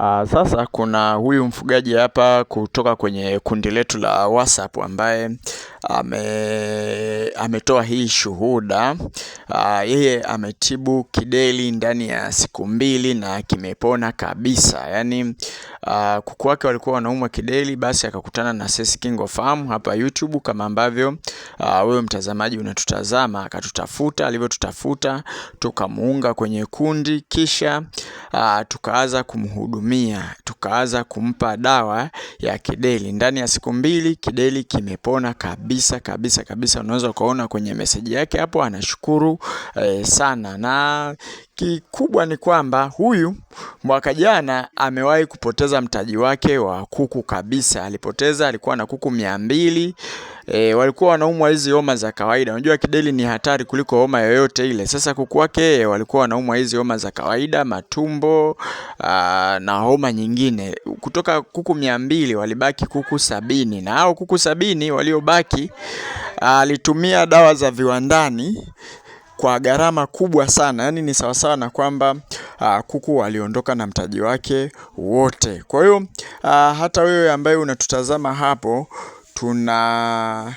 Ah, sasa kuna huyu mfugaji hapa kutoka kwenye kundi letu la WhatsApp ambaye ame, ametoa hii shuhuda ah, yeye ametibu kideli ndani ya siku mbili na kimepona kabisa. Yani uh, ah, kuku wake walikuwa wanaumwa kideli, basi akakutana na Sesi Farm hapa YouTube kama ambavyo ah, wewe mtazamaji unatutazama, akatutafuta. Alivyotutafuta tukamuunga kwenye kundi, kisha tukaanza kumhudumia, tukaanza kumpa dawa ya kideli. Ndani ya siku mbili kideli kimepona kabisa kabisa kabisa kabisa, unaweza ukaona kwenye meseji yake hapo anashukuru eh, sana na Kikubwa ni kwamba huyu mwaka jana amewahi kupoteza mtaji wake wa kuku kabisa. Alipoteza, alikuwa na kuku mia mbili. E, walikuwa wanaumwa hizi homa za kawaida. Unajua kideli ni hatari kuliko homa yoyote ile. Sasa kuku wake e, walikuwa wanaumwa hizi homa za kawaida, matumbo aa, na homa nyingine. Kutoka kuku mia mbili walibaki kuku sabini na hao kuku sabini waliobaki alitumia dawa za viwandani kwa gharama kubwa sana, yaani ni sawasawa na kwamba uh, kuku aliondoka na mtaji wake wote. Kwa hiyo uh, hata wewe ambaye unatutazama hapo tuna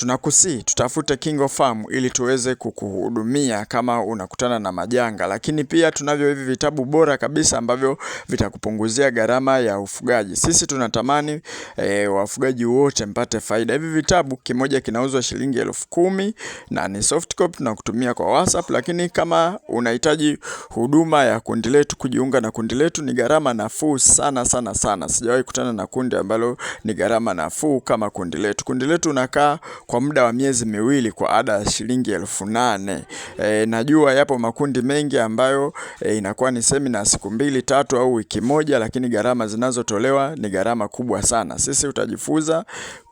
Tunakusi, tutafute Farm ili tuweze kukuhudumia kama unakutana na majanga, lakini pia tunavyo hivi vitabu bora kabisa ambavyo vitakupunguzia gharama ya ufugaji. Sisi tunatamani e, wafugaji wote mpate faida. Hivi vitabu kimoja kinauzwa shilingi elfu kumi na ni soft copy na kutumia kwa WhatsApp, lakini kama unahitaji huduma ya kundi letu, kujiunga na kundi letu ni gharama nafuu sana sana sana. Sijawahi kutana na kundi ambalo ni gharama nafuu kama kundi letu. Kundi letu unakaa kwa muda wa miezi miwili kwa ada ya shilingi elfu nane. E, najua yapo makundi mengi ambayo e, inakuwa ni semina siku mbili tatu au wiki moja, lakini gharama zinazotolewa ni gharama kubwa sana. Sisi utajifunza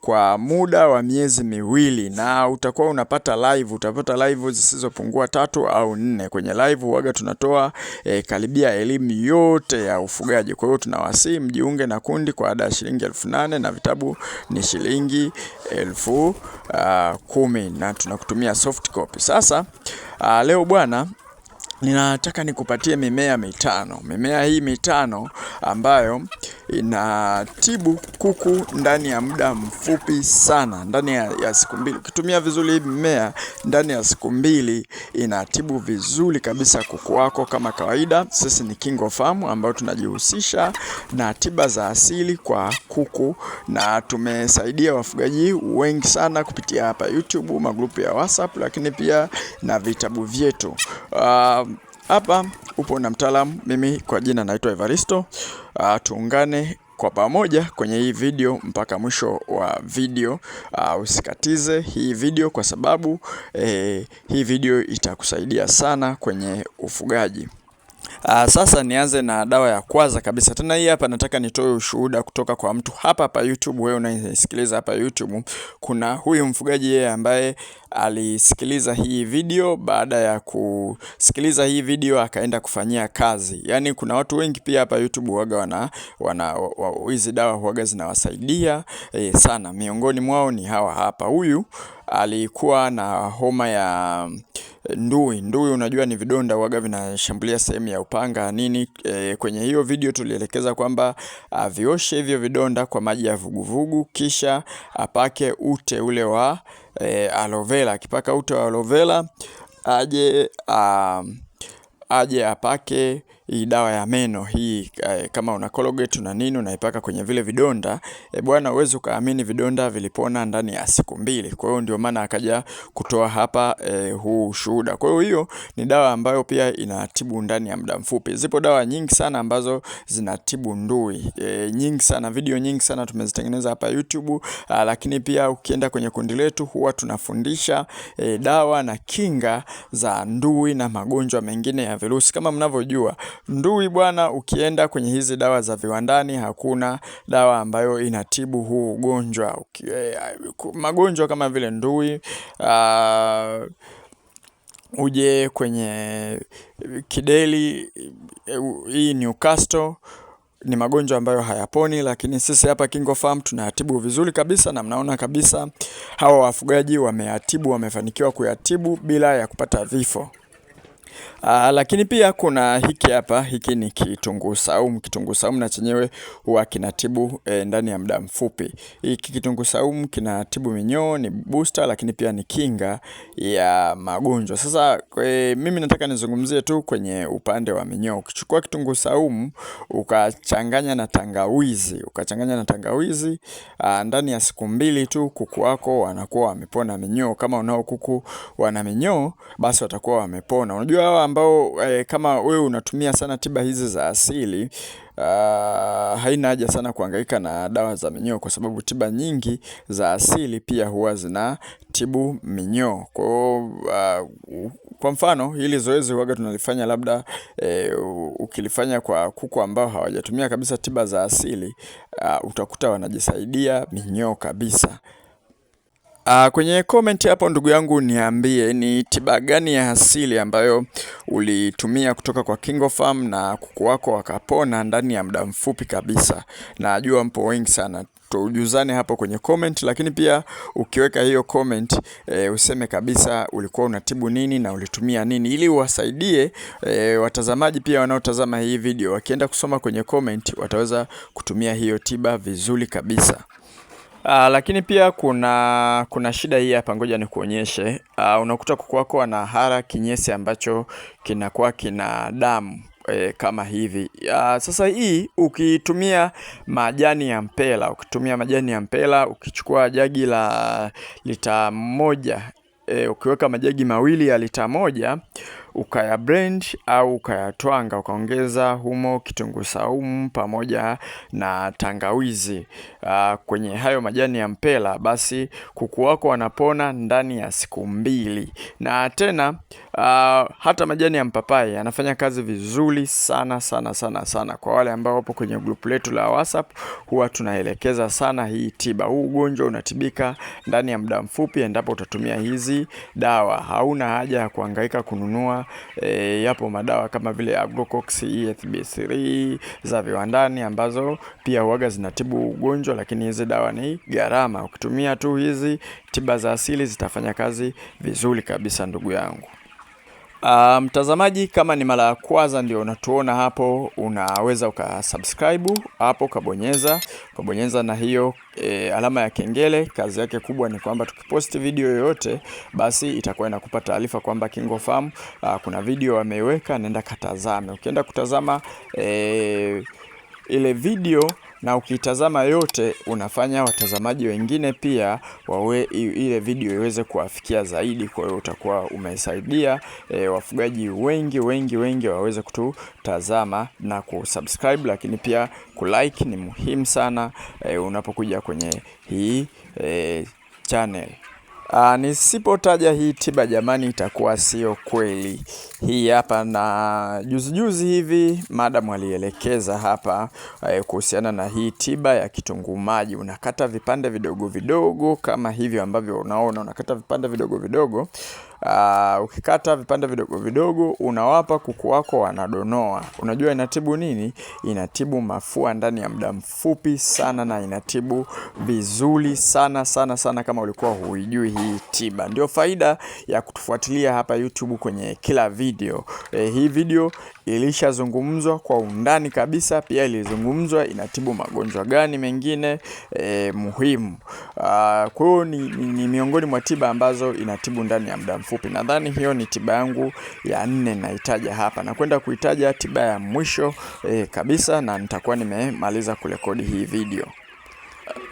kwa muda wa miezi miwili, na utakuwa unapata live, utapata live zisizopungua tatu au nne. Kwenye live waga tunatoa e, karibia elimu yote ya ufugaji. Kwa hiyo tunawasihi mjiunge na kundi kwa ada ya shilingi elfu nane na vitabu ni shilingi elfu uh, kumi na tunakutumia soft copy. Sasa uh, leo bwana Ninataka nikupatie mimea mitano. Mimea hii mitano ambayo inatibu kuku ndani ya muda mfupi sana, ndani ya, ya siku mbili. Ukitumia vizuri hii mimea ndani ya siku mbili inatibu vizuri kabisa kuku wako. Kama kawaida, sisi ni Kingo Farm ambayo tunajihusisha na tiba za asili kwa kuku, na tumesaidia wafugaji wengi sana kupitia hapa YouTube, magrupu ya WhatsApp, lakini pia na vitabu vyetu uh, hapa upo na mtaalamu, mimi kwa jina naitwa Evaristo. Uh, tuungane kwa pamoja kwenye hii video mpaka mwisho wa video. Uh, usikatize hii video kwa sababu eh, hii video itakusaidia sana kwenye ufugaji. Uh, sasa nianze na dawa ya kwanza kabisa. Tena hii hapa nataka nitoe ushuhuda kutoka kwa mtu hapa hapa YouTube. Wewe unaisikiliza hapa YouTube, kuna huyu mfugaji yeye ambaye alisikiliza hii video. Baada ya kusikiliza hii video, akaenda kufanyia kazi. Yani kuna watu wengi pia hapa YouTube huaga wana, wana hizi dawa huaga zinawasaidia e, sana. Miongoni mwao ni hawa hapa. Huyu alikuwa na homa ya ndui. Ndui unajua ni vidonda waga vinashambulia sehemu ya upanga nini. E, kwenye hiyo video tulielekeza kwamba avioshe hivyo vidonda kwa maji ya vuguvugu, kisha apake ute ule wa e, aloe vera. Akipaka ute wa aloe vera aje a, aje apake hii dawa ya meno hii eh, kama una Colgate na nini unaipaka kwenye vile vidonda e, bwana, uwezi ukaamini vidonda vilipona ndani ya siku mbili. Kwa hiyo ndio maana akaja kutoa hapa e, huu shuhuda. Kwa hiyo hiyo ni dawa ambayo pia inatibu ndani ya muda mfupi. Zipo dawa nyingi sana ambazo zinatibu ndui e, nyingi sana, video nyingi sana tumezitengeneza hapa YouTube a, ah, lakini pia ukienda kwenye kundi letu huwa tunafundisha e, dawa na kinga za ndui na magonjwa mengine ya virusi kama mnavyojua Ndui bwana, ukienda kwenye hizi dawa za viwandani, hakuna dawa ambayo inatibu huu ugonjwa. Eh, magonjwa kama vile ndui uh, uje kwenye kideli eh, hii Newcastle ni magonjwa ambayo hayaponi, lakini sisi hapa Kingo Farm tunayatibu vizuri kabisa, na mnaona kabisa hawa wafugaji wameyatibu, wamefanikiwa kuyatibu bila ya kupata vifo. Aa, ah, lakini pia kuna hiki hapa, hiki ni kitunguu saumu. Kitunguu saumu na chenyewe huwa kinatibu e, ndani ya muda mfupi. Hiki kitunguu saumu kinatibu minyoo, ni booster, lakini pia ni kinga ya magonjwa. Sasa e, mimi nataka nizungumzie tu kwenye upande wa minyoo. Ukichukua kitunguu saumu ukachanganya na tangawizi, ukachanganya na tangawizi aa, ah, ndani ya siku mbili tu kuku wako wanakuwa wamepona minyoo. Kama unao kuku wana minyoo, basi watakuwa wamepona. Unajua hawa ambao eh, kama wewe unatumia sana tiba hizi za asili Uh, haina haja sana kuhangaika na dawa za minyoo kwa sababu tiba nyingi za asili pia huwa zina tibu minyoo. Kwa uh, kwa mfano hili zoezi huwaga tunalifanya labda eh, ukilifanya kwa kuku ambao hawajatumia kabisa tiba za asili uh, utakuta wanajisaidia minyoo kabisa. Uh, kwenye comment hapo ndugu yangu niambie ni tiba gani ya asili ambayo ulitumia kutoka kwa KingoFarm na kuku wako wakapona ndani ya muda mfupi kabisa. Najua mpo wengi sana, tujuzane hapo kwenye comment, lakini pia ukiweka hiyo comment e, useme kabisa ulikuwa unatibu nini na ulitumia nini ili uwasaidie e, watazamaji pia wanaotazama hii video wakienda kusoma kwenye comment wataweza kutumia hiyo tiba vizuri kabisa. Uh, lakini pia kuna kuna shida hii hapa, ngoja nikuonyeshe. Uh, unakuta kuku wako ana hara kinyesi ambacho kinakuwa kina damu E, kama hivi. Uh, sasa hii ukitumia majani ya mpela, ukitumia majani ya mpela, ukichukua jagi la lita moja e, ukiweka majagi mawili ya lita moja ukaya blend au ukayatwanga ukaongeza humo kitunguu saumu pamoja na tangawizi aa, ah, kwenye hayo majani ya mpela, basi kuku wako wanapona ndani ya siku mbili. Na tena uh, hata majani ya mpapai yanafanya kazi vizuri sana sana sana sana. Kwa wale ambao wapo kwenye grupu letu la WhatsApp, huwa tunaelekeza sana hii tiba. Huu ugonjwa unatibika ndani ya muda mfupi endapo utatumia hizi dawa. Hauna haja ya kuhangaika kununua e, yapo madawa kama vile Agrocox EFB3 za viwandani ambazo pia huaga zinatibu ugonjwa, lakini hizi dawa ni gharama. Ukitumia tu hizi tiba za asili zitafanya kazi vizuri kabisa, ndugu yangu. Uh, mtazamaji, kama ni mara ya kwanza ndio unatuona hapo, unaweza ukasubscribe hapo ukabonyeza ukabonyeza na hiyo e, alama ya kengele. Kazi yake kubwa ni kwamba tukiposti video yoyote, basi itakuwa inakupa taarifa kwamba KingoFarm uh, ah, kuna video ameiweka, nenda katazame. Ukienda kutazama e, ile video na ukitazama yote unafanya watazamaji wengine pia wawe ile video iweze kuwafikia zaidi. Kwa hiyo utakuwa umesaidia e, wafugaji wengi wengi wengi waweze kututazama na kusubscribe, lakini pia kulike ni muhimu sana e, unapokuja kwenye hii e, channel. Uh, nisipotaja hii tiba jamani, itakuwa sio kweli. Hii hapa na juzijuzi juzi hivi madamu alielekeza hapa eh, kuhusiana na hii tiba ya kitunguu maji. Unakata vipande vidogo vidogo kama hivyo ambavyo unaona, unakata vipande vidogo vidogo Uh, ukikata vipande vidogo vidogo unawapa kuku wako wanadonoa. Unajua inatibu nini? Inatibu mafua ndani ya muda mfupi sana, na inatibu vizuri sana sana sana, kama ulikuwa huijui hii tiba. Ndio faida ya kutufuatilia hapa YouTube kwenye kila video. E, hii video ilishazungumzwa kwa undani kabisa, pia ilizungumzwa inatibu magonjwa gani mengine e, muhimu. Uh, kwa hiyo ni, ni, ni miongoni mwa tiba ambazo inatibu ndani ya muda mfupi. Nadhani hiyo ni tiba yangu ya nne naitaja hapa, na kwenda kuitaja tiba ya mwisho e, kabisa, na nitakuwa nimemaliza kurekodi hii video.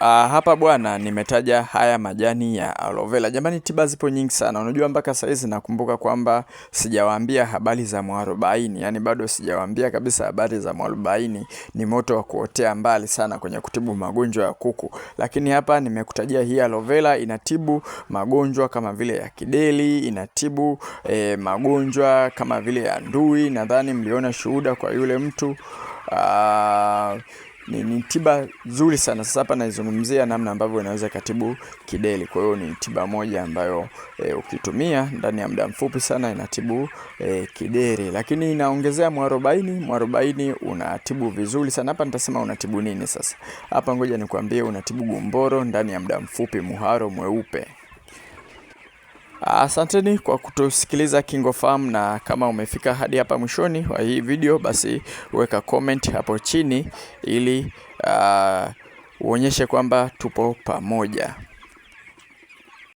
Uh, hapa bwana, nimetaja haya majani ya aloe vera. Jamani, tiba zipo nyingi sana. Unajua mpaka saa hizi nakumbuka kwamba sijawaambia habari za mwarobaini, yani bado sijawaambia kabisa habari za mwarobaini. Ni moto wa kuotea mbali sana kwenye kutibu magonjwa ya kuku, lakini hapa nimekutajia hii aloe vera inatibu magonjwa kama vile ya kideli, inatibu eh, magonjwa kama vile ya ndui. Nadhani mliona shuhuda kwa yule mtu uh, ni, ni tiba nzuri sana. Sasa hapa naizungumzia namna ambavyo inaweza ikatibu kideli Kwa hiyo ni tiba moja ambayo e, ukitumia ndani ya muda mfupi sana inatibu e, eh, kideli, lakini inaongezea mwarobaini. Mwarobaini unatibu vizuri sana. Hapa nitasema unatibu nini sasa. Hapa ngoja nikwambie, unatibu gumboro ndani ya muda mfupi, muharo mweupe Asanteni kwa kutusikiliza Farm, na kama umefika hadi hapa mwishoni wa hii video, basi weka comment hapo chini ili uh, uonyeshe kwamba tupo pamoja.